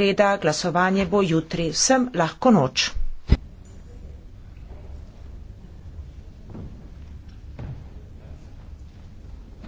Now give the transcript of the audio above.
reda glasovanje bo jutri. Vsem lahko noč.